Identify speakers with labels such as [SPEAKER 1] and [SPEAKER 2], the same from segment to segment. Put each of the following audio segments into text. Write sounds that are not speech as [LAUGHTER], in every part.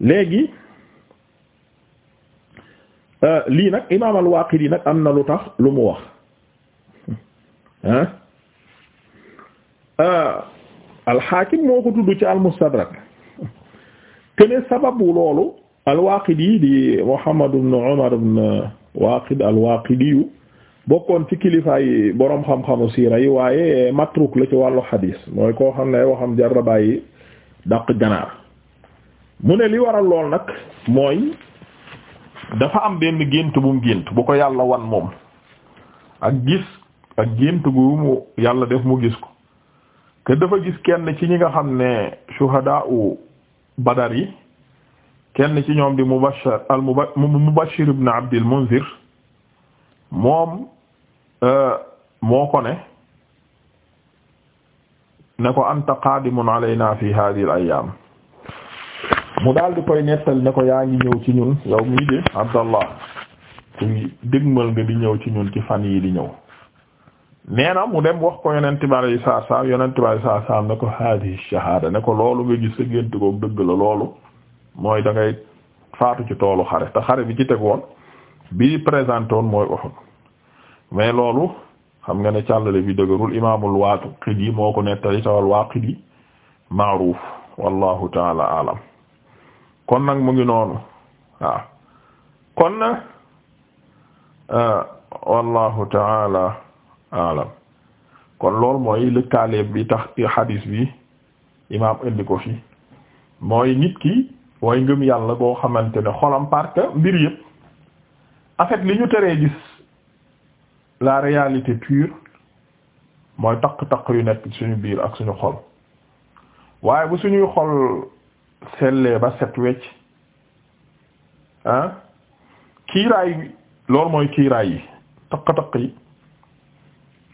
[SPEAKER 1] léegi euh, lii nag imaam al yi nag am na lu tax lu mu wax ah euh, al moo ko tudd ci al-Mustadrak kene sababu loolu al-Waaqidi di Muhammad ibn Umar ibn Waaqid al-Waaqidiyu bokkoon ci kilifaay boroom xam-xamu siira yi waaye matruk la ci wàllu xadiis mooy koo xam ne waxam jarrabaay dàq ganaar mu ne li waral lool nag mooy dafa am benn gént bu mu gént bu ko yàlla wan moom ak gis ak gént gu mu yàlla def mu gis ko te dafa gis kenn ci ñi nga xam ne shuhadaa u badar yi kenn ci ñoom di mubashir al mubashir ibn abdil munzir moom euh, moo ko ne ne ko anta qaadimun alayna fi hadhihi al mu daal di koy nettali ne ko yaa ngi ñëw ci ñun yow mii de Abdallah ci dégmal nga di ñëw ci ñun ci fan yi di ñëw nee na mu dem wax ko yonent bi yi saa saa yonent bi yi saa saa ne ko hadihi shahada ne ko loolu nga gis sa gént ko dëgg la loolu mooy da ngay faatu ci toolu xare te xare bi ci teg woon bi présenté woon mooy Uhud mais loolu xam nga ne càllale bi dëgërul imaamul Waaqidi moo ko nettali tawal Waaqidi ma'ruf wallahu taala alam kon nag mu ngi noonu waaw kon na euh, wallahu taala alam kon loolu mooy lëkkaale bi tax hadis bi imaam indi ko fi mooy nit ki way ngëm yàlla boo xamante ne xolam parce mbir yëpp afet li ñu teree gis la réalité pure mooy taq-taq yu nekk suñu biir ak suñu xol waaye bu suñuy xol sellee ba set wecc ah kiiraay bi loolu mooy kiiraay yi taq-taq yi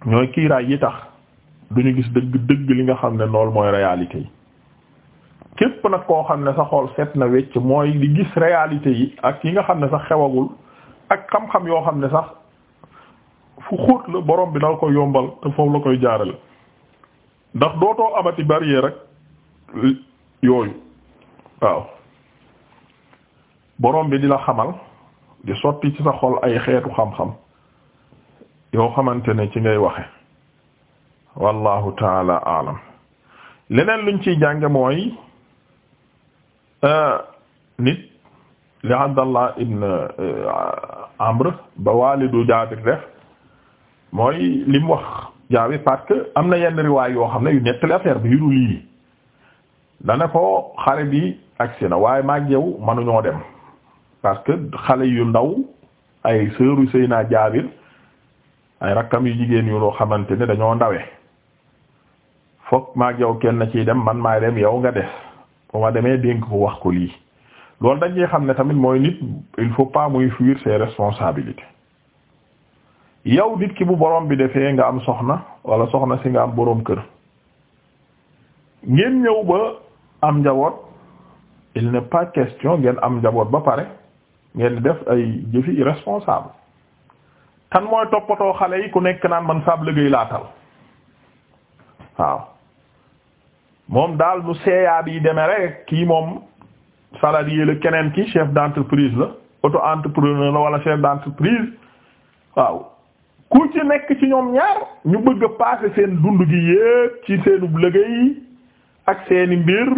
[SPEAKER 1] ñooy kiiraay yi tax duñu gis dëgg dëgg li nga xam ne loolu mooy réalité yi képp nag koo xam ne sa xool set na wecc mooy li gis réalité yi ak yi nga xam ne sax xewagul ak xam-xam yoo xam ne sax fu xóot la borom bi dal ko yombal te foofu la koy jaarale ndax dootoo amati barrière rek yooyu waaw borom bi di la xamal di sotti ci sa xol ay xeetu xam-xam yoo xamante ne ci ngay waxe wallahu taala alam leneen luñ ciy jànge mooy euh, nit li Abdallah ibn euh, Amr ba waalidu Jaabir def mooy lim wax Jaabir parce am na yenn riwaay yoo xam ne yu nettali affaire bi yu dul lii dana ko xare bi agsi na waaye maag yow manuñoo dem parce que xale yu ndaw ay sëru sëy naa jaabir ay rakkam yu jigéen yu loo xamante ne dañoo ndawe fokk maag yow kenn ciy dem man maay dem yow nga des bu ma demee dénk ko wax ko lii loolu dañuy xam ne tamit mooy nit il faut pas muy fuir ses responsabilités yow nit ki bu borom bi defee nga am soxna wala soxna si nga am borom kër ngeen ñëw ba am njaboot il n'est pas question ngeen am njaboot ba pare ngeen def ay jëfi irresponsable xan mooy toppatoo xale yi ku nekk naan man saab liggéey laatal waaw moom daal nu seeyaa bi demee rek kii moom salarié la keneen ki chef d'entreprise la auto-entrepreneur la wala chef d'entreprise waaw ku ci nekk ci ñoom ñaar ñu bëgg a passer seen dund gi yépp ci seenu liggéey ak seeni mbir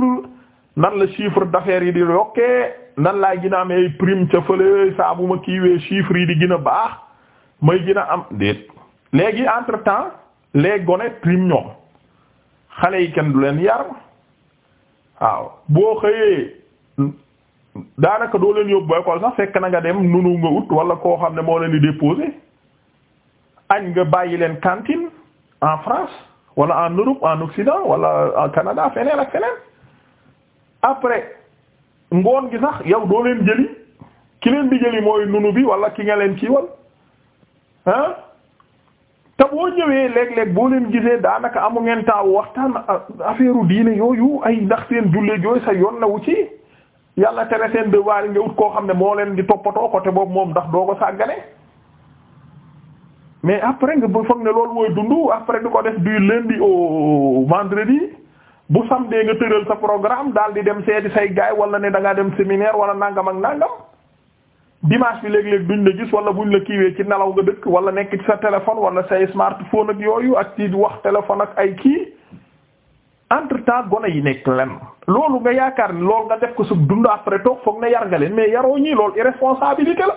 [SPEAKER 1] nan la chiffre d'affaires yi di yokkee nan laa gën a am ay prime ca fële saa ma kiiwee chiffre yi di gin a baax may gin a am déet léegi entre temps les gone prime ñoom xale yi kenn du leen yar waaw boo xëyee daanaka doo leen yóbbu école sax fekk na nga dem nunu nga ut wala koo xam ne moo leen di déposer añ nga bàyyi leen cantine en France wala en Europe en Occident wala en Canada feneen ak feneen après ngoon gi sax yow doo leen jëli ki leen di jëli mooy nunu bi wala ki nga leen kiiwal ah te boo ñëwee léeg-léeg boo leen gisee daanaka amu ngeen taawu waxtaan affaire diine yooyu ay ndax seen jullit yooyu sax yoon na wu ci yàlla tere seen devoir yi nga ut koo xam ne moo leen di toppatoo côté boobu moom ndax doo ko sàggane mais après nga foog ne loolu mooy dund après di ko def du lundi au vendredi bu samedi nga tëral sa programme daal di dem seeti say gaay wala ne da ngaa dem séminaire wala nangam ak nangam dimanche bi léeg-léeg duñ la gis wala buñ la kiiwee ci nelaw nga dëkk wala nekk sa téléphone wala say smartphone ak yooyu ak ci wax téléphone ak ay kii entre temps gone yi nekk lan loolu nga yaakaar ni loolu nga def ko su dund après toog foog ne yar nga leen mais yaroo ñii loolu irresponsabilité la.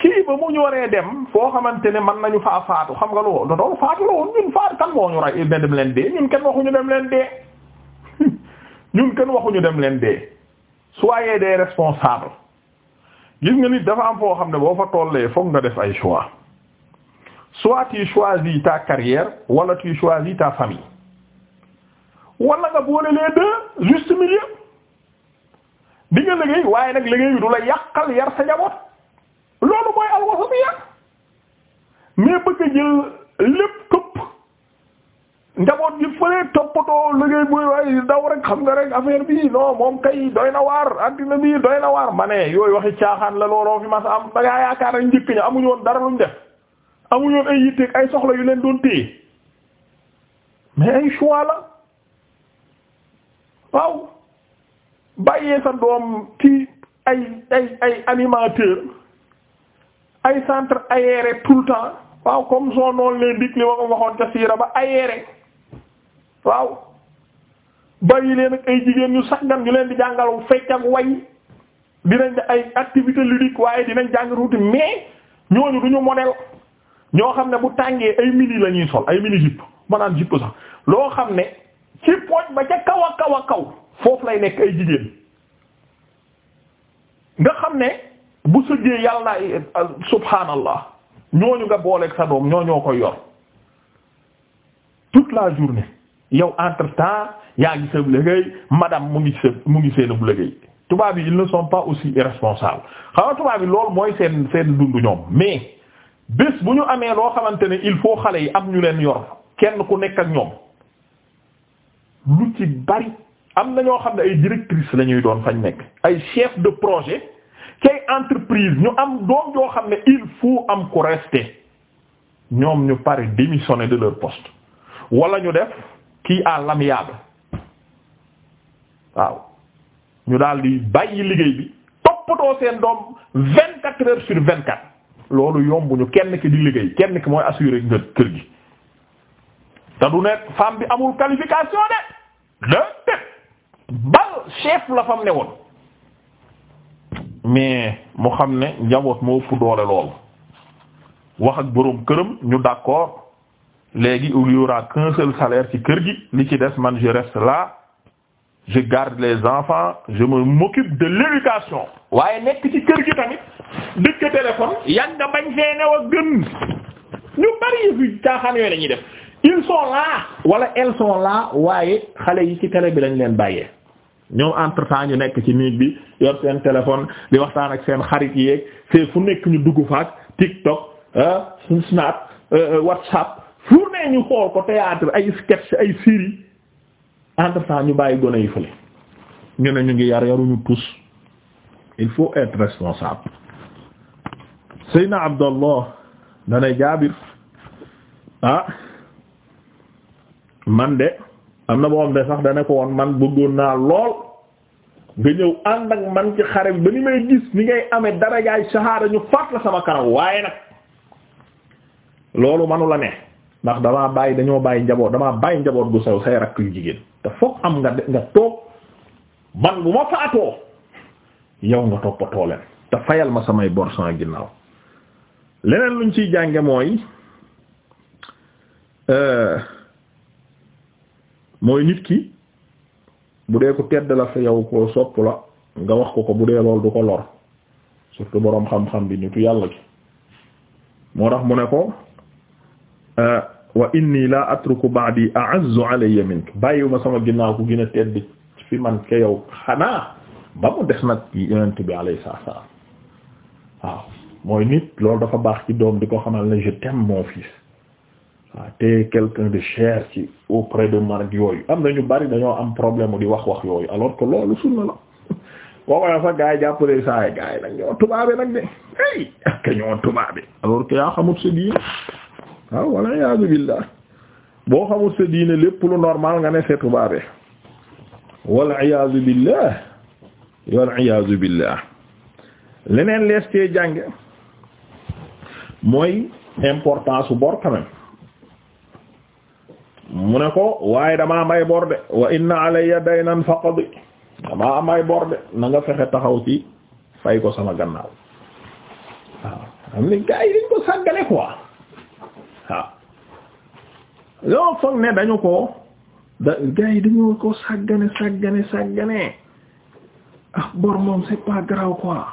[SPEAKER 1] kii ba mu ñu waree dem foo xamante ne mën nañu faa faatu xam nga lu doon faatu la woon ñun faatu kan moo ñu rey ne dem leen dee ñun kenn waxuñu dem leen dee [LAUGHS] ñun kenn waxuñu dem leen dee soyez des responsables gis nga nit dafa am foo xam ne boo fa tollee fokk nga def ay choix soit tu choisis ta carrière wala tu choisis ta famille wala nga boole les deux juste milieu di nga liggéey waaye nag liggéey bi du la yàqal yar sa njaboot. loolu mooy alwasatiya mais bëgg a jël lépp topp njaboot gi fële toppatoo liggéey bu waaye daw rek xam nga rek affaire bi non moom kay doy na waar addina bi doy na waar ma ne yooyu waxi caaxaan la looloo fi mas am da ngaa yaakaar nañ njëkk ña amuñu woon dara luñ def amuñu woon ay yitteeg ay soxla yu leen doon téye mais ay choix la waaw bàyyee sa doom ci ay ay ay animateur ay centre aéré tout le temps waaw comme son nom l'indique li ma waxoon ca siira ba aéré waaw bàyyi leen ak ay jigéen ñu saggan ñu leen di jàngal fecc ak way dinañ ay activité ludique waaye dinañ jàng ruuti mais ñooñu du ñu modèle ñoo xam ne bu tàngee ay mini lañuy ñuy sol ay mini jupe maanaam jupe sax loo xam ne ci pooj ba ca kaw a kaw a kaw foofu lay nekk ay jigéen nga xam ne bu sëggee yàlla subhanallah ñooñu nga booleeg sa doom ñoo ñoo koy yor toute la journée yow entre temps yaa ngi seen liggéey madam mu ngi seen mu ngi seen bu liggéey tubaab yi ils ne sont pas aussi irresponsables xam nga tubaab yi loolu mooy seen seen dund ñoom mais bés bu ñu amee loo xamante ne il faut xale yi am ñu leen yor kenn ku nekk ak ñoom lu ci bari am na ñoo xam ne ay directrices lañuy doon fañ nekk ay chef de projet. entreprise ñu am doom joo xam ne il faut am ku rester ñoom ñu pare démissionner de leur poste walla ñu def kii à l'amiable waaw ñu daal di bàyyi liggéey bi toppatoo seen doom vingt quatre heures sur vingt quatre loolu yombuñu kenn ki di liggéey kenn ki mooy assurer nga kër gi te du nekk femme bi amul qualification de de bal chef la fam ne woon mais mu xam ne njaboot moo ëpp doole loolu wax ak boroom këram ñu d'accord léegi il y aura qu'un seul salaire ci kër gi li ci des man je reste là je garde les enfants je me m'occupe de l'éducation waaye nekk ci kër gi tamit dëkk téléphone yan nga bañ fee new gën ñu bari yëfi caaxaan yooyu la ñuy def ils sont là wala elles sont là waaye xale yi ci télé bi lañ leen bàyyee ñoom entre temps ñu nekk ci niig bi yor seen téléphone di waxtaan ak seen xarit yeeg fee fu nekk ñu dugg faak TikTok ah Snap euh, euh, WhatsApp fu ne ñu xool ko théâtre ay sketch ay série entre ñu bàyyi gone yi fële ñu ne ñu ngi yar yaruñu tous il faut être responsable Seydina Abdallah dana Jaabir ah, man de am na moom de sax dana ko woon man bëggoon naa lool nga ñëw ànd ak man ci xare bi ba ni may gis ni ngay amee darajaay saxaada ñu faat la sama kanam waaye nag loolu manu la ne ndax damaa bàyyi dañoo bàyyi njaboot damaa bàyyi njaboot gu sew say rakk yu jigéen te foog am nga de nga toog man bu ma faatoo yow nga toppatoo leen te fayal ma samay bor sans ginnaaw leneen luñ ciy jànge mooy. Euh, mooy nit ki bu dee ko tedd la fa yow koo sopp la nga wax ko ko bu dee lool du ko lor surtout boroom xam-xam bi nitu yàlla ki moo tax mu ne ko euh, wa inni la atruku ba'di a'azzu alayya mink ma sama ginnaaw ku gën a tedd fi man ke yow xanaa ba mu des nag yonent bi alayhi salaam waaw mooy nit loolu dafa baax ci doom di ko xamal na je t'aime mon waaw ah, te quelqu'un de cher ci auprès de marque yooyu am na ñu bari dañoo am problème di wax wax yooyu alors que loolu sunna la [LAUGHS] boo koy sax gars yi jàppale saa yi gars yi nag ñoo tubaabe nag de hey ak ñoo tubaabe alors que yaa xamut sa diine waaw ah, walla yaa billah boo xamut sa diine lépp lu normal nga ne c'est tubaabe wal iyaazu billah wal iyaazu billah leneen lees cee jànge mooy importance su bor mu ne ko waaye damaa may bor de wa inna alayya daynan faqdi damaa amay bor de na fexe taxaw ci fay ko sama gannaaw waaw am ni gars yi dañ ko sàggale quoi waaw yoo foog ne dañu ko da gars yi dañu ko sàggane sàggane sàggane ah bor moom c'est pas grave quoi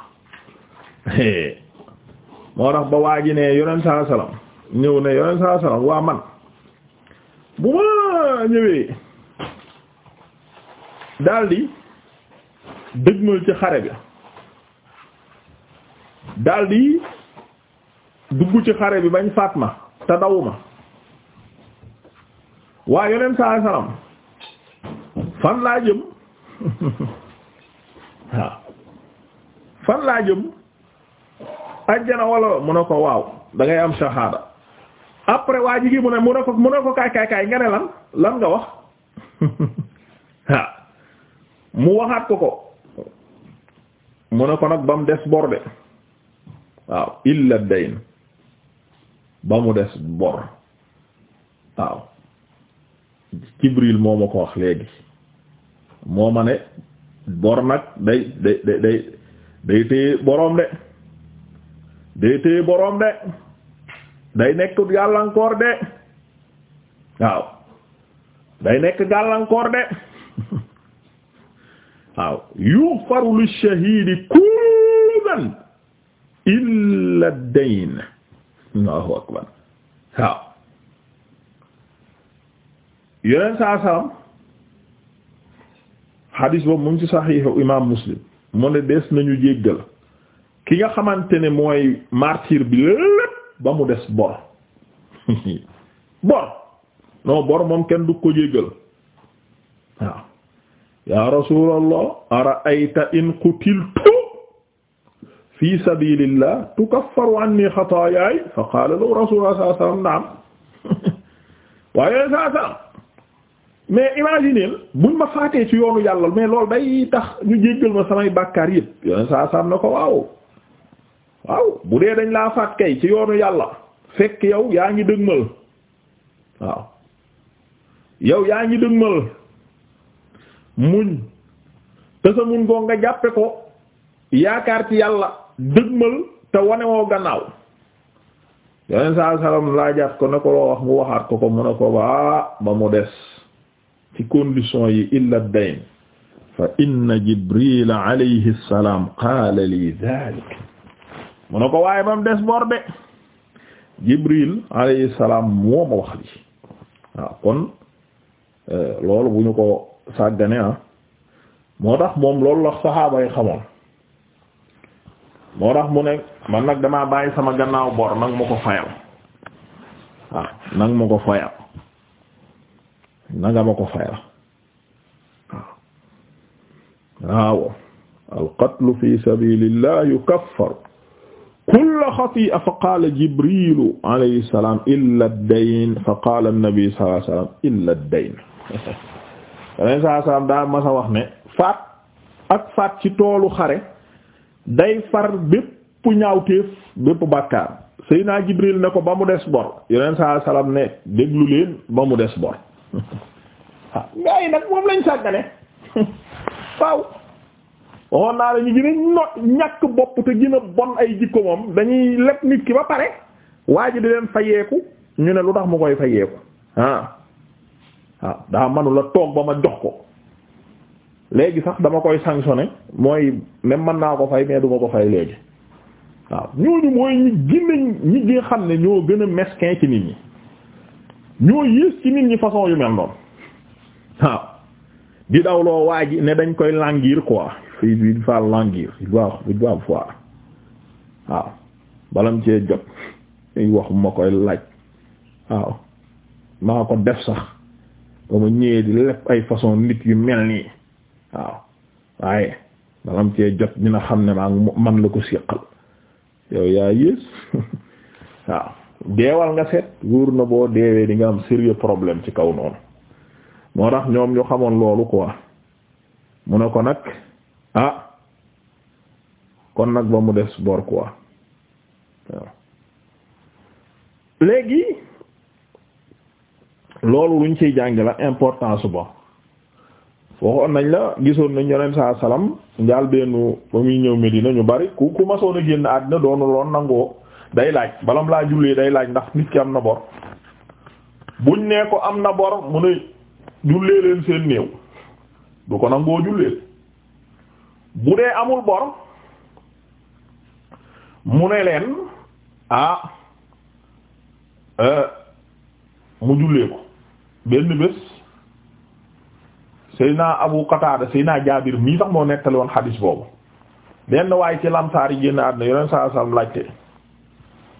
[SPEAKER 1] moo tax ba waa ji ne yoneen saa salaam ñëw ne yoneen saa salaam waa man bu ma ñëwee daldi dëgmal ci xare bi daldi dugg ci xare bi bañ faat ma te dawuma waa yonent saa salaam fan laa jëm [LAUGHS] waaw fan laa jëm ajjana wala mu ne ko waaw dangay ngay am shahada après waa jigi mu ne mu ne ko mu ne ko kaay kaay kaay nga ne lan lan nga wax [LAUGHS] mu waxaat ko ko mu ne ko nag ba mu des bor de waaw illa dayn ba mu des bor waaw Jibril moo ma ko wax léegi moo ma ne bor nag day day day day téye boroom de day téye boroom de day nekk gàllankoor de waaw day nekk gàllankoor de [LAUGHS] waaw yughfaru lish-shahidi kullu dhanb illa ad-dayn Allahu akbar waaw yeneen saa saam xadiis boobu mu ngi ci saxiixu imaam Muslim mu ne des nañu jéggal ki nga xamante ne mooy martyr bi lépp ba mu des bor bor non bor moom kenn du ko jéggal waaw ya rasulallah ara'ayta in qutiltu fi sabilillah tukaffaru anni xataayaay fa qaala lahu rasulullah sallallahu alayhi wasallam na'am [LAUGHS] waaye saa saa mais imaginez buñ ma faatee ci yoonu yàlla mais loolu day tax ñu jéggal ma samay bàkkaar yëpp yooyu saa saa am ko waaw waaw bu dee dañ laa faat kay ci yoonu yàlla fekk yow yaa ngi dëgmal waaw yow yaa ngi dëgmal muñ te sa muñ ko nga jàppe ko yaakaar ci yàlla dëgmal te wane woo gannaaw yoneen saa salaam laajaat ko ne ko loo wax mu waxaat ko ko mu ne ko ba ba mu des ci condition yi illa dayn fa inna jibril alayhi salaam qaala li dhalik mu ne ko waaye ba mu des bor de Jibril alayhi salaam moo ma wax li waaw kon euh, loolu bu ñu ko sàggane ah moo tax moom loolu la saxaaba yi xamoon moo tax mu ne man nag damaa bàyyi sama gannaaw bor nag ma ko fayal ah, nag ma ko fayal nanga al qatlu fi sabilillah yukaffaru kulla xati'a fa qaala jibrilu alayhi salaam illa dayn fa qaala nabi sallallahu alayhi wasallam illa dayn alayhi salaam daa mas a wax ne faat ak faat ci toolu xare day far bépp ñaawteef bépp bàkkaar Seydina Jibril ne ko ba mu des bor yeneen saa salaam ne déglu leen ba mu des bor waaw [LAUGHS] ah, nag moom lañ sàggane [LAUGHS] waaw waxoon naa la ñu gën ñàkk bopp te gën bon ay jikko moom dañuy leb nit ki ba pare waa ji di leen fayeeku ñu ne lu tax mu koy fayeeku ah waaw ah, daa manula toog ba ma jox ko léegi sax dama koy sanctionné mooy même mën naa ko fay mais duma ko fay léegi waaw ñooñu mooy ñi gën a ñi nga xam ne ñoo gën a mesquin ci nit ñi ñoo yées ci nit ñi façon yu mel noonu waaw di dawloo waa ji ne dañ koy languir quoi il il va languir il va waaw balam cee jot i wax ma koy laaj waaw maa ko def sax ba ma ñëwee di lépp ay façon nit yu mel nii waaw waaye balam cee jot dina xam ne maa man la ko siqal yow yaa yées [LAUGHS] waaw deewal nga seet wóor na boo deewee di nga am sérieux problème ci kaw noonu moo tax ñoom ñu xamoon loolu quoi mu ne ko nag ah kon nag ba mu des bor quoi léegi loolu luñ ciy jàng la importance su bor waxoon nañ la gisoon nañ yonent saa salaam njaal bennu ba muy ñëw Medina ñu bari ku ku masoon a génn àddina doonu loon nangoo day laaj balam laa jullee day laaj ndax nit ki am na bor buñ nee ko am na bor mu ne jullee leen seen néew du ko nangoo jullee bu dee amul bor mu ne leen ah euh, mu jullee ko benn bés Seyna Abu Qatada Seyna Jaabir mii sax moo nettali woon xadiis boobu benn waaye ci lamsaar yi génn àdduna yoneen saa sallam laajte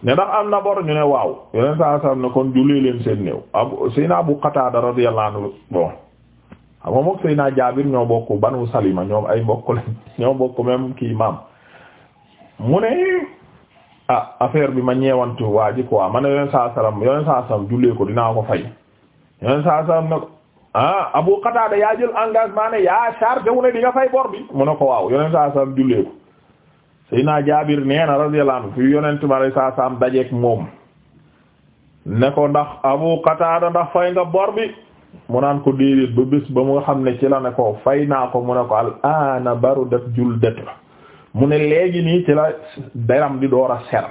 [SPEAKER 1] ne nax am na bor ñu ne waaw yoneen saa sallam ne kon jullee leen seen néew abu Seyna Abu Qatada radiyallahu anhu xam nga mook Seydina Jaabir ñoo bokk banu Salima ñoo bokk même kii maam mu ne ah affaire bi ma ñeewantu waa ji quoi ma ne yoneen saa salam ko fay yoneen saa ne ko ah Abu Qatada yaa jël engagement ne yaa wu ne di fay bor bi mu ne ko waaw yoneen saa salam jullee ko Seydina Jaabir nee na radiyallahu anhu fi ma saa dajeek moom ne ko ndax Abu Qatada ndax fay nga bor mu naan ko déedéet ba bés ba mu nga xam ne ci la ne ko fay naa ko mu ne ko al baru def jul det mu ne léegi nii ci la deram di door a ser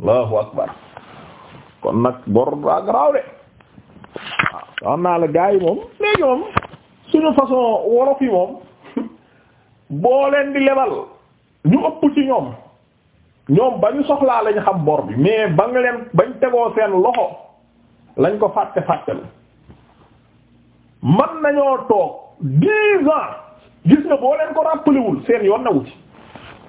[SPEAKER 1] allahu akbar kon nag bor daa garaaw de waaw naa la gars yi moom léegi moom suñu façon wolof yi moom [LAUGHS] boo leen di lebal ñu ëpp ci ñoom ñoom ba ñu soxlaa lañ xam bor bi mais ba nga leen bañ tegoo seen loxo lañ ko fàtte fàttelu man nañoo toog dix ans gis nga boo leen ko rappelé wul seen yoon na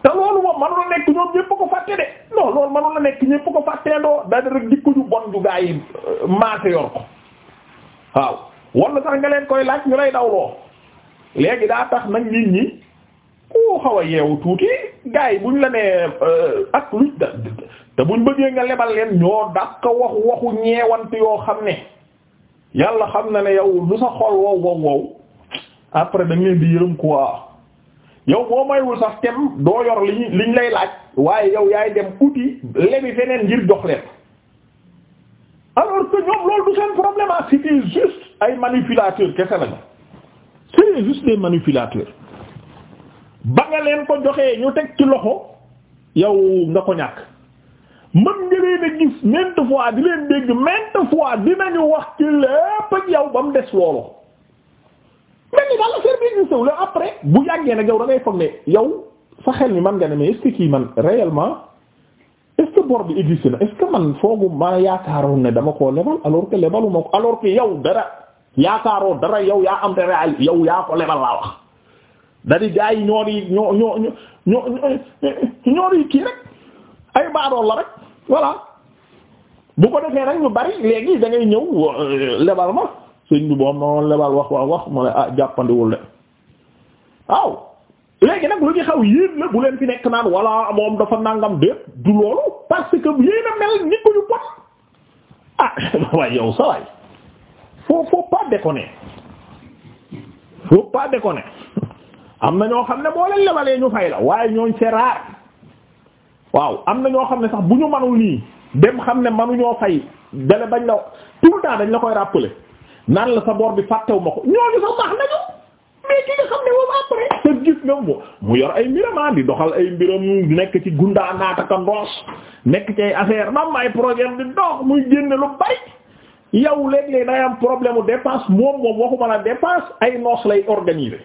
[SPEAKER 1] te loolu moom manula nekk ñoom ñépp ko fàtte de non loolu manula nekk ñépp ko fàttee doo da rek dikku ñu bon ju gaa yi euh, maase yor ko waaw wala sax nga leen koy laaj ñu lay dawloo léegi daa tax nag nit ñi ku xaw a yeewu tuuti gaa yi buñ la nee euh, ak luñ te buñ bëggee nga lebal leen ñoo dàq wax waxu ñeewant yoo xam ne yàlla xam na ne yow lu sa xol wow wow wow après da ngeen di yërëm quoi yow boo maywul sax tem doo yor liñ liñ lay laaj waaye yow yaay dem uti lebi feneen ngir jox leen alors que ñoom loolu du seen problème ah c'était juste ay manipulateurs kese lañu c'est juste des manipulateurs ba nga leen ko joxee ñu teg ci loxo yow nga ko ñàkk. mën nga leen a gis maintes fois di leen dégg maintes fois dinañu wax ci lépp ak yow ba mu des loolu mel ni daal affaire bi existé wu la après bu yàggee na yow da ngay foog ne yow sa xel mi man nga ne mais kii man réellement est-ce que na est-ce que man foogu ma yaakaaroon ne dama koo lebal alors que lebalu ko alors que yow dara yaakaaroo dara yow yaa am dara yow yaa ko lebal laa wax da di gaa yi ñoo di ñoo ñoo ñoo ñoo ñoo kii rek ay baadool la rek. voilà bu ko defee nag ñu bari léegi da ngay ñëw euh, lebal ma sëñ bi boom noonu lebal wax wax wax ah, moom dafa nangam déet du loolu parce que yéen a mel nit ko ñu bon ah [LAUGHS] waaye yow sa waay faut faut pas déconner faut pas déconner [LAUGHS] am na ñoo xam ne boo leen lebalee ñu fay la waaye ñooñ c'est rare waaw am na ñoo xam ne sax bu ñu manul nii dem xam ne manuñoo fay dale bañ la tout dañ la koy rappeler naan la sa bor bi fàttewu ma ko ñooñu sax baax nañu mais ki nga xam ne moom après te gis nga mo mu yor ay mbiram ah di doxal ay mbiram nekk ci gundaa naataka ndoos nekk ci ay affaire mam ay projet di dox muy génne lu bari yow léeg-léeg day am problème u dépense moom moom waxuma la dépense ay noos lay organiser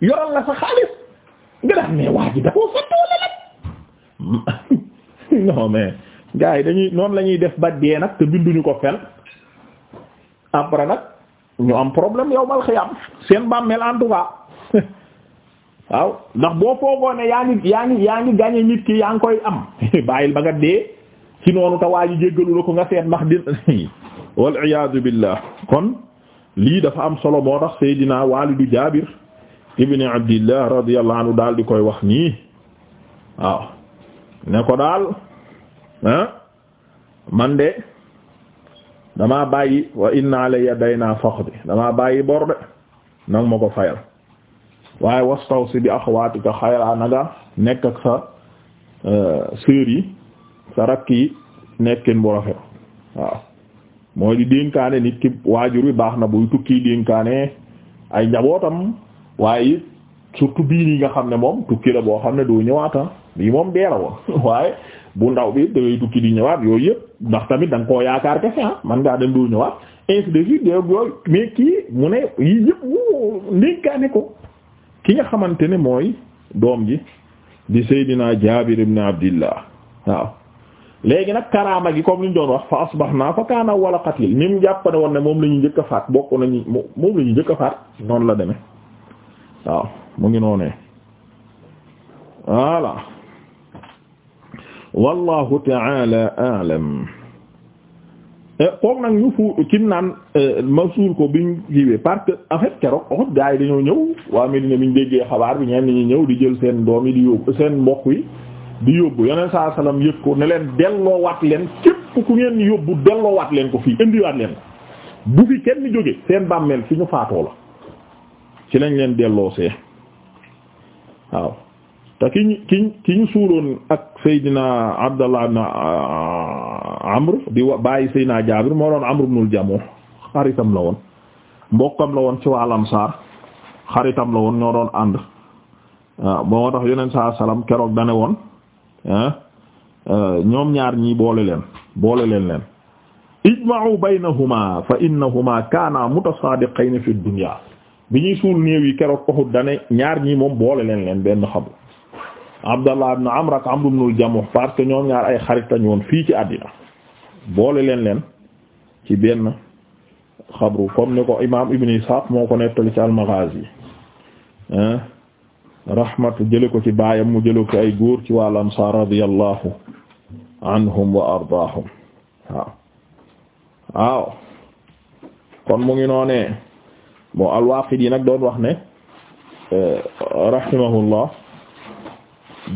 [SPEAKER 1] yoral la sa xaalis nga def mais waa ji koo fàttewala la [LAUGHS] non mais yi dañuy noon lañuy def ba dee nag te binduñu ko fen après nag ñu am problème yow mal xiyam seen bàmmeel en tout [LAUGHS] waaw ndax boo foogoo ne yaa ngi yaa ngi yaa ngi gagné nit ki yaa ngi koy am [LAUGHS] bàyyil ba nga dee ci noonu te waa ji jéggalu la ko nga seet ndax di wal iyaadu billah kon lii dafa am solo moo tax Seydina walidu Jaabir ibn Abdillah radiyallahu anhu daal di koy wax nii waaw ne ko daal ah man de damaa bàyyi wa inna naa dayna bi damaa bàyyi bor de nag ma ko fayal waaye wastawsi bi axawaatika xayra na nga nekk ak sa euh, sœurs yi sa rakk yi nekkin bu rafet waaw mooy di dénkaane nit ki waajur wi baax na buy tukki dénkaane ay njabootam waaye surtout bii nii nga xam ne moom tukki la boo xam ne doo ñëwaata ah. lii moom dee la woon [LAUGHS] waaye bu ndaw bi dangay tukki di ñëwaat yooyu yëpp ndax tamit da nga koo yaakaar kese ah man ngaa dem doo ñëwaat ainsi de suite yooyu mais kii mu ne yii yëpp ndénkaane ko ki nga xamante ne mooy doom ji di Seydina Jaabir ibn Abdillah waaw léegi nag karaama gi comme li ñu doon wax fa naa fa kaana wala qatil ni mu jàpp ne woon ne moom la ñu njëkk a faat bokk nañu moom la ñu njëkk a faat noonu la deme waaw mu ngi noonee voilà. wallahu taala alam kook eh, nag ñu fu kim naan eh, ma suul ko biñ jiwee parce que en keroog oxot gars yi dañoo ñëw waa Medina biñ déggee xabaar bi ñeen ñi ñëw di jël seen doom yi di yóbbu seen mbokk yi di yóbbu yeneen saa salaam yëg ko ne leen delloowaat leen képp ku ngeen yóbbu delloowaat leen ko fii indiwaat leen ko bu fi kenn jóge seen bàmmeel fi ñu faatoo la ci lañ leen delloosee waaw te ki ñu ki ñu ki suuloon ak Seydina Abdallah ibn ah, Amr di wa bàyyi Seydina Jaabir moo doon Amr ibnul Jamuh xaritam la woon mbokkam la woon ci waa Ansaar xaritam la woon ñoo doon ànd waaw ah, moo tax yeneen saa salaam keroog dane woon ah, ñoom ñaar ñii boole leen boole leen leen ijma'u baynahuma fa innahuma kaana mutasaadiqayni fi dunya bi ñuy suul néew yi keroog Uhud dane ñaar ñii moom boole leen leen benn xabu Abdallah ibn Amr ak Amr ibn al-Jamuh parce ñoom ñaar ay xarit lañu woon fii ci àddina boole leen leen ci benn xabru comme ni ko imaam Ibn Ishaq moo ko nettali ci al-Maghazi rahmatu jële ko ci baayam mu jële ay góor ci wàll ansaar radiyallahu anhum wa ardaahum kon mu ngi noonee bon al-Waqidi nag doon wax ne eh, rahimahullah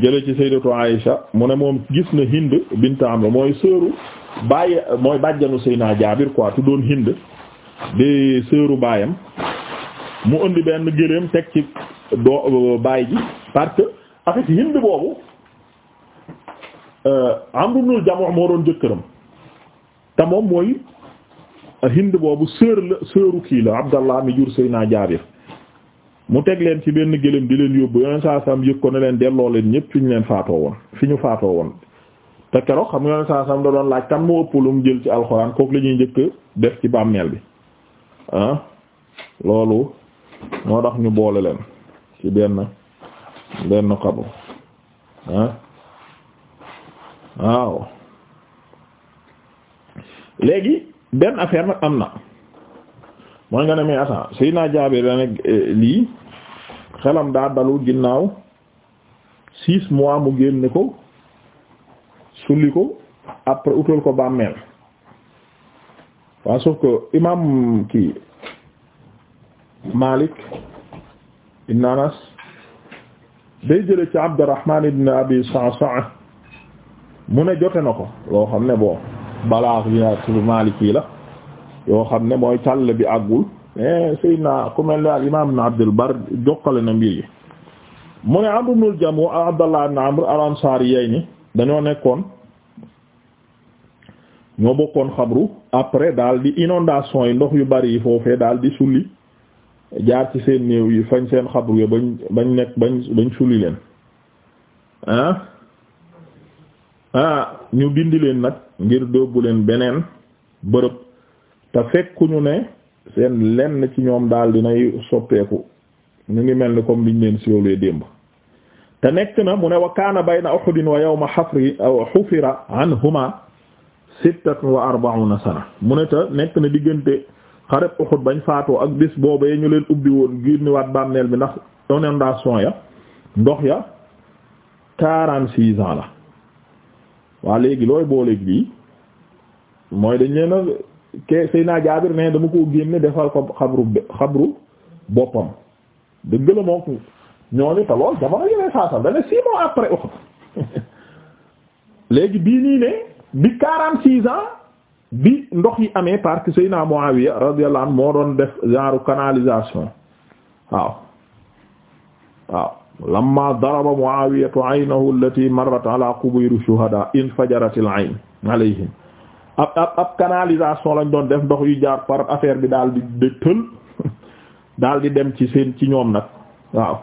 [SPEAKER 1] jële ci sayyidatu Aisha mu ne moom gis na Hind bint Amr mooy sëru bàyyi mooy bàjjanu Seydina Jaabir quoi tuddoon Hind di sëru baayam mu indi benn gëléem teg ci doo baay ji parce que en fait Hind boobu euh, Amru ibnul moo doon jëkkëram te moom mooy Hind boobu sër la sëru kii la Abdallah mi jur Seydina Jaabir mu teg leen ci benn gëléem di leen yóbbu yoneen saa saam yëg ko ne leen delloo leen ñëpp fi ñu leen faatoo woon fi ñu faatoo woon te keroog xam nga yoneen saa saam da doon laaj kan moo ëpp lu mu jël ci alxuraan kooku la ñuy njëkk def ci bàmmeel bi ah loolu moo tax ñu boole leen ci benn benn xabu ah waaw léegi benn affaire nag am na mooy nga ne mais attends Seydina Jaabir da nag eh, lii xelam daa dalu ginnaaw six mois mu génne ko sulli ko après utal ko bàmmeel waaw sauf que imam kii Malik ibn Anas day jële ci Abdurrahman ibn Abi sa mu ne jote na ko loo xam ne boo balaax bi la yoo xam ne mooy càll bi àggul eh, Seydina ku mel ne al imaam ibn Abdul Barr jokkale na mbir yi mu ne Amr ibn al-Jamuh Abdallah ibn Amr al-Ansari ni dañoo nekkoon ñoo bokkoon xabru après daal di inondation yi ndox yu bari yi foofee daal di sulli jaar ci seen néew yi fañ seen xabru yi bañ bañ nekk bañ sulli leen ah ah ñu dindi leen nag ngir dóobu leen beneen bërëb te ñu ne seen lenn ci ñoom daal dinay soppeeku ñu ngi mel ni comme liñ leen siwolee démb te nekk na mu ne wa kaana bayna uhudin wa yawma xafri aw xufira anhuma sittatun wa arbauna sana mu ne te nekk na diggante xareb Uhud bañ faatoo ak bis boobee ñu leen ubbi woon génniwaat bàmmeel bi ndax inondation ya ndox ya quarante six la waa léegi looy booleeg lii mooy dañ leen ke Seyna Jaabir ne dama ko génne defal ko xabru xabru boppam dëgg la moo ko ñooñu te lool jamono yeneen saa sax après Uhud léegi bii nii ne bi quarante six ans bi ndox yi amee parce que Seyna Muawiya radiyallahu anhu moo doon def genre canalisation waaw waaw lamma daraba Muawiyatu aynahu allati marrat ala quburi shuhada infajaratil ayn alayhim ab ab ab canalisation lañ doon def ndox yu jaar par affaire bi daal di de tël [LAUGHS] daal di dem ci seen ci ñoom nag waaw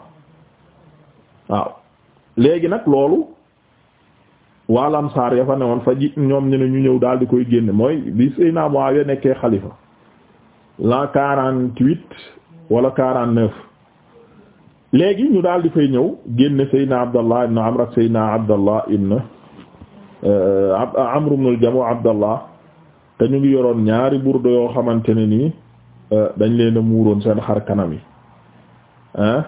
[SPEAKER 1] waaw léegi nag loolu waa lamsaar ya fa newoon fa ji ñoom ñu ne ñu ñëw daal di koy génne mooy bi Seydina Muawiya nekkee xalifa l'an quarante-huit wala quarante-neuf léegi ñu daal di fay ñëw génne Seydina Abdallah ibn Amr ak Seydina Abdallah ibn Euh, Amr ibn al-Jamuh Abdallah te ñu ngi yoroon ñaari burdo yoo xamante ne nii euh, dañ leen a muuroon seen xar kanam yi ah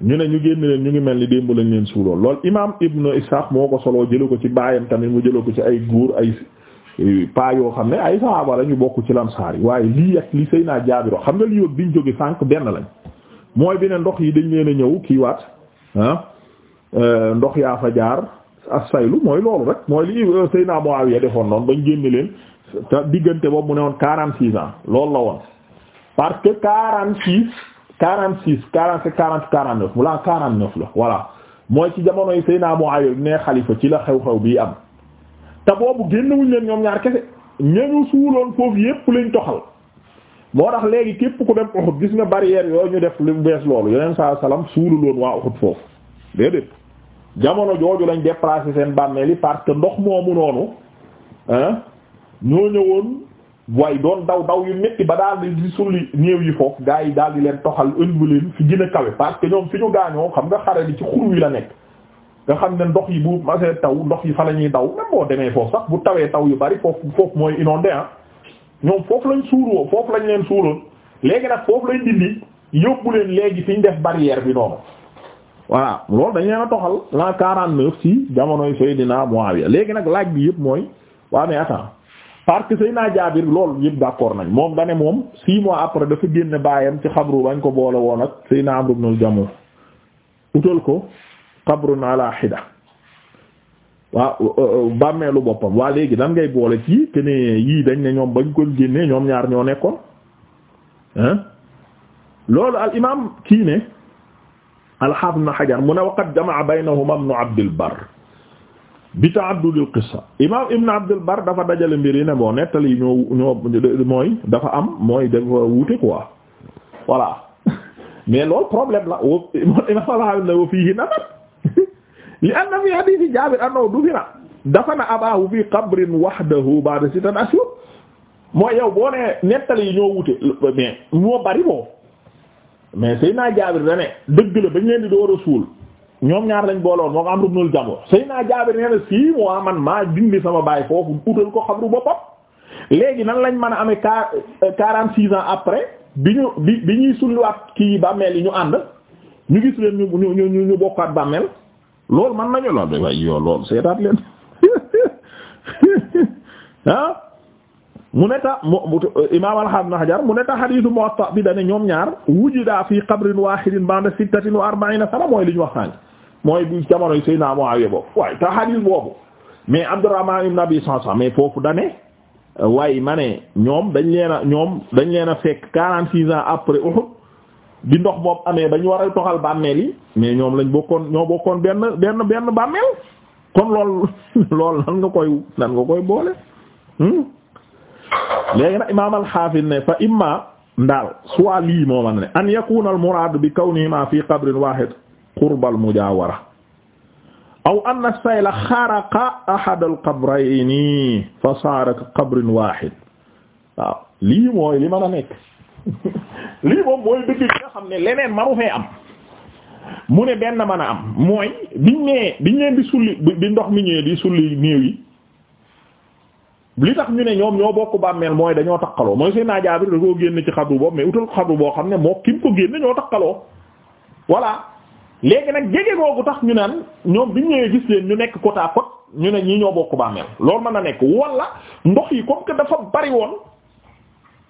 [SPEAKER 1] ñu ne ñu génn leen ñu ngi mel ni démb lañ leen suuloon lool imaam Ibn Ishaq moo ko soloo jële ko ci baayam tamit mu jële ko ci ay góor ay euh, paa yoo xam ne ay sahaaba la ñu bokk ci lamsaar yi waaye lii ak li sëy naa jaabiro xam nga li biñ jóge sànq benn lañ mooy bi ne ndox yi dañ leen a ñëw kiiwaat ah ndox yaa fa jaar as-saylu mooy loolu rek mooy li euh, Seydina Muawiya defoon noonu bañ génne leen te diggante boobu mu ne woon quarante six ans loolu la woon parce que quarante six quarante six quarante quarante neuf mu laa quarante neuf la voilà mooy ci jamono jamonoy Seydina Muawiya ne xalifa ci la xew-xew bii am te boobu génnewuñ leen ñoom ñaar kese ñañu suuloon foofu yépp lañ toxal moo tax léegi képp ku dem Uhud gis nga barrière yooyu ñu def lu bees loolu yeneen saa salaam suululoon jamono jooju lañ déplacé seen bàmmeel yi parce que ndox moomu noonu ñoo ñëwoon waaye doon daw daw yu metti ba daal di di sulli néew yi foofu gaa yi daal di leen toxal ënb leen fi gën kawe parce que ñoom fi ñu gaañoo xam nga xare bi ci xur yi la nekk nga xam ne ndox yi bu masee taw ndox yi fa la ñuy daw même demee foofu sax bu tawee taw yu bari foofu foofu mooy inondé ah ñoom foofu lañ suuroo foofu lañ leen suuroon léegi nag foofu lañ dindi yóbbu léegi fi ñu def barrière bi noonu waaw loolu dañ leen a toxal l'an quarante neuf ci jamonoy Seydina Muawiya léegi nag laaj bi yëpp mooy waa mais attends parce que Seydina Jaabir loolu yëpp d'accord nañ moom dane moom six mois après dafa génne baayam ci xabru bañ ko boole woon ak naa Amru ibnul Jamuh utal ko xabrun ala xida waaw bàmmeelu boppam waa léegi dan ngay boole ci te yii dañ ne ñoom bañ ko génnee ñoom ñaar ñoo nekkoon hein loolu al imam kii ne alxaafid na xajar mu ne waqad jamaa baynahuma ibnu abdil bar bi imaam ibnu abdil dafa dajale mbir yi ne moo nettali mooy dafa am mooy dafa wuute quoi voilà mais loolu problème la wo imaam alxaafid wa fiihi nadar li fi hadiisi jaabir annahu dufina dafana abaahu fi qabrin wahdahu ba'da sittati ashhur mooy yow boo nee nettali ñoo wuute mais moo bari boo mais Seydina Jaabir da ne dëgg la bañ leen di war a suul ñoom ñaar lañ booloon moo ko Amru ibnul Jamuh naa Jaabir nee na sii mois man maa dindi sama baay foofu utal ko xabru boppam léegi nan lañ mën a amee euh, quarante six ans après bi ñu bi bi ñuy sulliwaat kii bàmmeel yi ñu ànd ñu gis leen ñu ñu ñu ñu bokkaat bàmmeel loolu man nañu lool ba waaye yoo loolu seetaat leen ah [LAUGHS] mu ne ta imaam alxam na xajar mu ne ta xadiisu Muwatta bi dane ñoom ñaar wujida fii qabrin waahidin ba'da sittatin wa arba'iina sana mooy li ñu wax sànq mooy bu jamonoy Seydina Muawiya boobu waaye ta xadiis boobu mais Abdurrahmaan ibn Abi Sansa mais foofu dane waaye ma ne ñoom dañ leen a ñoom dañ leen a fekk quarante six ans après Uhud bi ndox boobu amee ba ñu war a toxal bàmmeel yi mais ñoom lañ bokkoon ñoo bokkoon benn benn benn bàmmeel kon lool [LAUGHS] lool nga koy nan nga koy boole hmm? léegi imaam al ne fa imma ndaal soit lii moo ne an yakuna al bi kawni ma fi qabrin waahid qurba al-mujaawara aw anna as-sayla xaraqa ahad al-qabrayni fa saara ka qabrin waahid li mën nekk [LAUGHS] lii moom mooy dëgg nga ne leneen manu am mu ne benn mën am mooy biñ nee biñ leen di sulli bi ndox mi ñëwee di sulli néew li tax ñu ne ñoom ñoo bokk bàmmeel mooy dañoo takkaloo mooy Seydina Jaabir da koo génn ci xabru boobu mais utal ko boo xam ne moo kim ko génn ñoo takkaloo voilà léegi nag jege googu tax ñu naan ñoom bi ñëwee gis ñu nekk côte à ñu ne ñi ñoo bokk bàmmeel loolu mën a nekk wala ndox yi comme que dafa bari woon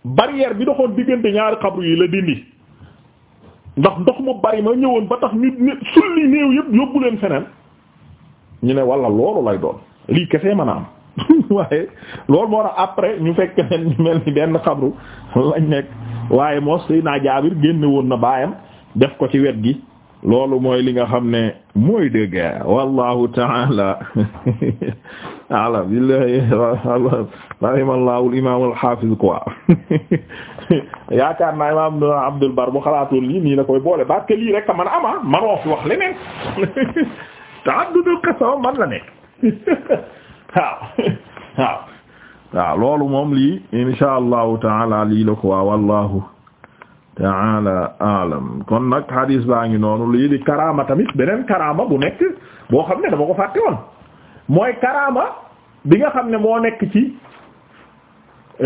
[SPEAKER 1] barrière bi doxoon diggante ñaari xabru yi la dindi ndax ndox mu bari ma ñëwoon ba tax ñu sulli néew yëpp yóbbu leen feneen ñu ne wala loolu lay doon lii kese mën a am [LAUGHS] waaye loolu moo tax après ñu fekk leen mel ni benn xabru lañ nekk waaye moo sëy naa jaabir génne woon na baayam def ko ci wet gi loolu mooy li nga xam ne mooy dëgg wallahu taala [LAUGHS] ala billahi [LAUGHS] rahimallahu al imam al hafiz quoi yaakaar naa imam Abdul Bar bu xalaatoon lii nii la koy boole parce lii rek ah, man ama la nekk waaw waaw waaw loolu moom lii insha allahu taala lii la ko waa wallahu taala alam kon nag hadis baa ngi noonu lii di karama tamit beneen karama bu nekk boo xam ne dama ko fàtte woon mooy karama bi nga xam ne moo nekk ci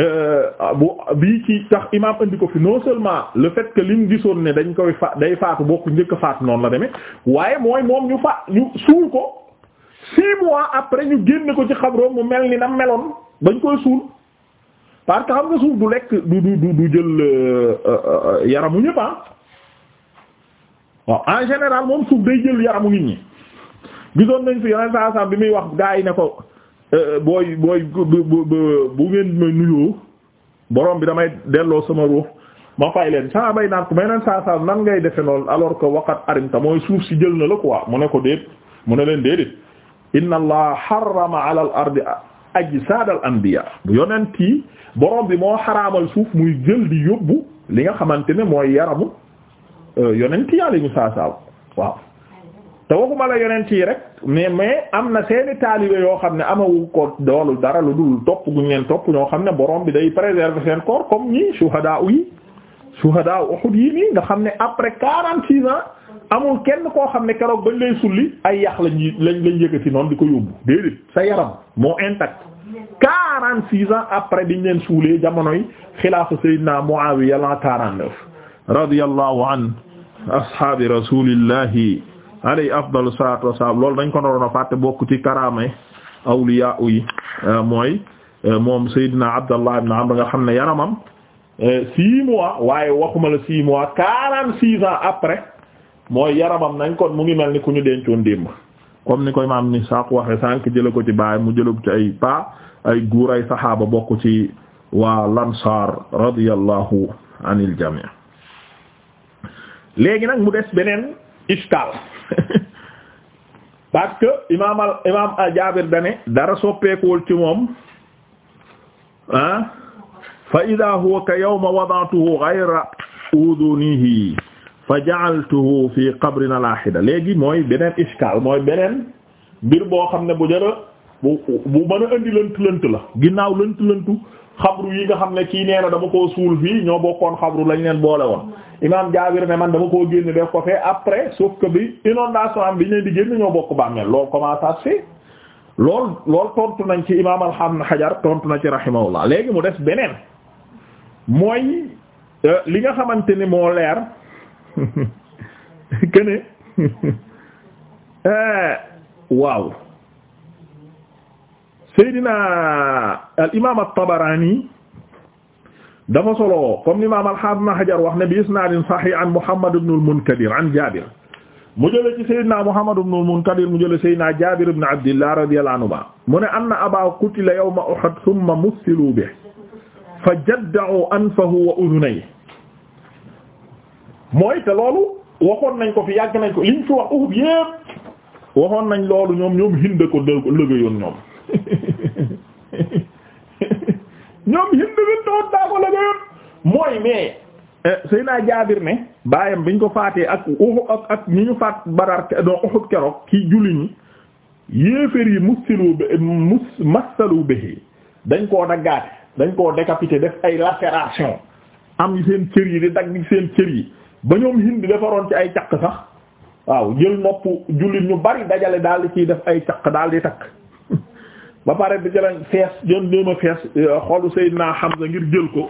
[SPEAKER 1] euh, bu bii ci tax imam andi ko fi non seulement le fait que lim gisoon ne dañ koy fa day faatu bokk njëkk faatu noonu la deme waaye mooy moom ñu fa ñu suul ko six mois après ñu génne ko ci xabroom mu mel ni nag meloon bañ koy suul parce que xam nga suuf du lekk du du du du jël euh, euh, euh, yaramu ñëpp ah waaw en général moom suuf day jël yaramu nit ñi gisoon nañ fi yeneen saa saa bi muy wax gaa yi ne ko booy booy bu ngeen ma nuyoo borom bi damay delloo sama ruux ma fay leen saa bay naan ku mais nag saa saa nan ngay defe noonu alors que waqat arimta mooy suuf si jël na la quoi mu ne ko déet mu ne leen déedéet inna allah harrama ala al ardi ajsaad al anbiya yonent yi borom bi moo xaraamal suuf muy jël di yóbbu li nga xamante ne mooy yaramu euh, yonent yi lañu saasaaw waaw te waxuma la yonent rek mais mais am na seeni taalibe yoo xam ne amawu ko doolu dara lu dul topp guñ leen topp ñoo xam ne borom bi day préserver seen corps comme ñii shuhadaa yi shuhadaa Uhud yi nii nga xam ne après quarante six amul kenn koo xam ne keroog bañ lay sulli ay yàq lañ lañ lañ yëkkati noonu di ko yóbbu déedéet sa yaram moo intact quarante six après bi leen suulee jamonoy xilaafa sayyidina Muawiya la quarante neuf radiyallahu an ashaabi rasulillahi alayhi afdalu salaatu wassalaam loolu dañ ko naroon a fàtte ci karaame awliya yi euh, mooy euh, moom sayyidina Abdallah ibn yaramam euh, six mois waaye waxuma la six mois quarante après mooy yaramam nañ kon mu ngi mel ni ku ñu dencoon démb comme ni koy maam ni saaq waxe sànq jële ko ci baay mu jëlub ci ay pa ay guur ay saxaaba bokk ci waa lansar radiyallahu anil jami léegi nag mu des beneen iskal [LAUGHS] parce que imaam al dane dara soppeekuwul ci moom ah fa ida huwa ka yawma wada'tuhu ghayra udunihi fa ja'altuhu fi qabrina laahida léegi mooy beneen iskaal mooy beneen mbir boo xam ne bu jara bu bu mën a indi lënt lënt la ginnaaw lënt lëntu xabru yi nga xam ne kii nee na dama koo suul fii ñoo bokkoon xabru lañ leen boole woon imaam Jaabir ne man dama koo génne def ko fee après sauf que bi inondation am bi ñu di génn ñoo bokk bàmmeel loolu comment ça se lool lool tontu nañ ci imaam alxam xajar tontu na ci rahimahullah léegi mu des beneen mooy euh, li nga xamante ni moo leer [LAUGHS] kene eh, waaw Seydina al imaam at-Tabarani dafa solo comme l'imam al-Hafiz Ibn Hajar wax ne bi isnaadin sahih an Muhammad ibn al-Munkadir an Jaabir mu jële ci Seydina Muhammad ibn al-Munkadir mu jële Seydina Jaabir ibn Abdillah radiyallahu anhuma mu ne anna abaa qutila yawma Uhud thumma muthilu bihi fajadda'u anfahu wa udhunayhi mooy te loolu waxoon nañ ko fi yàgg nañ ko liñ fi wax Uhud yépp waxoon nañ loolu ñoom ñoom Hind ko dégg liggéeyoon ñoom [LAUGHS] ñoom Hind bi doon daa ko liggéeyoon mooy mais. Eh, Seyna Jaabir ne baayam biñ ko faatee ak Uhud ak ak ñi ñu faat Badar don Uhud keroog ki julli ñi yéeféer yi mustilu mus mastalu béxi dañ koo daggaate dañ koo décapité def ay lacération am seen cër yi di dagg seen cër yi ba ñoom hindi defaroon ci ay caq sax waaw jël nopp ñu bari dajale daal di ciy def ay caq daal di takk [LAUGHS] ba pare di jëlañ fees jën déem a fees euh, xolu Seydina Hamza ngir jël ko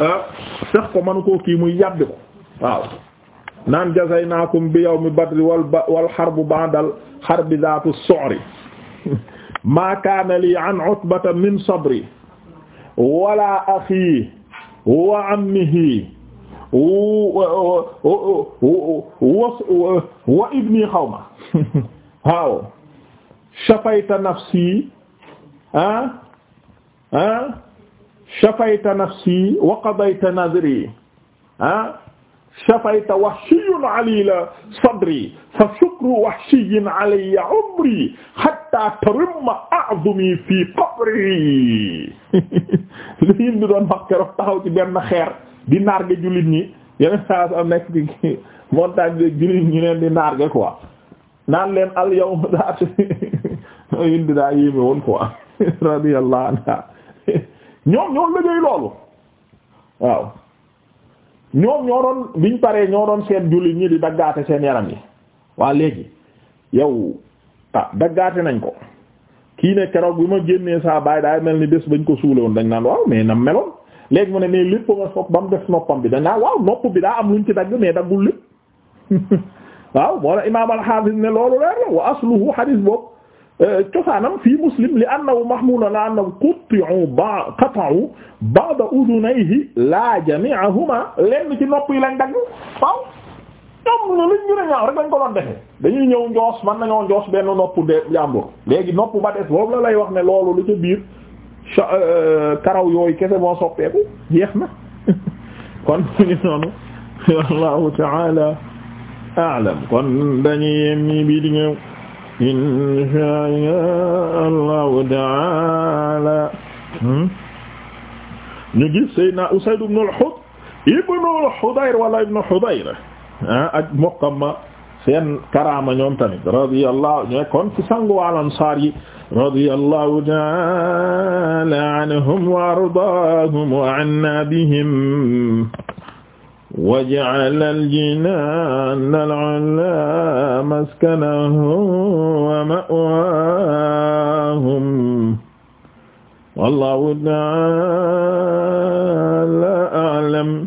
[SPEAKER 1] euh, sax ko manu koo kii muy yàbbi ko waaw naan jazaynaakum bi yawmi badri wal wal harbu ba'dal harbi zaatu [LAUGHS] min sabri wa ammihi wa ibni xawma waaw shafayta nafsi ah ah shafayta nafsi wa qadayta nadri ah shafayta wahshiyyun alila sadri fa shukru wahshiyyin alayya umri hatta tarimma a'zumi fi qabri li [LAUGHS] Hind doon wax keroog taxaw ci benn xeer di narge jullit ñi yeneen saa am nekk ci montagne jullit ñi leen di narge quoi naan leen al yow daat indi daa yéeme woon quoi radiyallahu anha ñoom ñoo liggéey loolu waaw ñoom ñoo doon biñ paree ñoo doon seen jullit ñi di daggaate seen yaram yi waa léegi yow ah, daggaate nañ ko kii ne keroog bi ma génnee saa baay daay mel ni bés bañ ko suuloon dañ naan waaw mais nam meloon léegi mu ne mais lépp ma foog ba mu def noppam bi danaa waaw nopp bi daa am luñ ci dagg mais daggul lépp [LAUGHS] waaw moo la imaam al-Hafiz ne loolu leer la wa asluhu hadis boobu euh, cosaanam fii Muslim li annahu mahmulun ala annahu qutti'u ba qata'u ba'da udunayhi la jami'ahuma lenn ci nopp yi lañ dagg waaw ñoom lu ñu ne ñaaw rek lañ ko doon defee dañuy ñëw njoos man nañoo njoos benn nopp de jàmbur léegi nopp ba des boobu la lay wax ne loolu lu ca biir Euh, karaw yooyu kese moo soppeeku jeex na [LAUGHS] kon mu ngi noonu wallahu ta'ala a'lam kon dañuy yem nii bii di ñëw insha allahu ta'ala hmm? ñu gis Seydina Usayd ibn al-Hud ibn al-Hudayr wala ibn Hudayr ah, ak mbokkam ma seen karaama ñoom tamit radiyallahu ñe kon ci sangu al ansaar yi radiyallahu ta'ala anhum wa ardaahum wa anna bihim وجعل الجنان العلا مسكنهم ومأواهم والله تعالى أعلم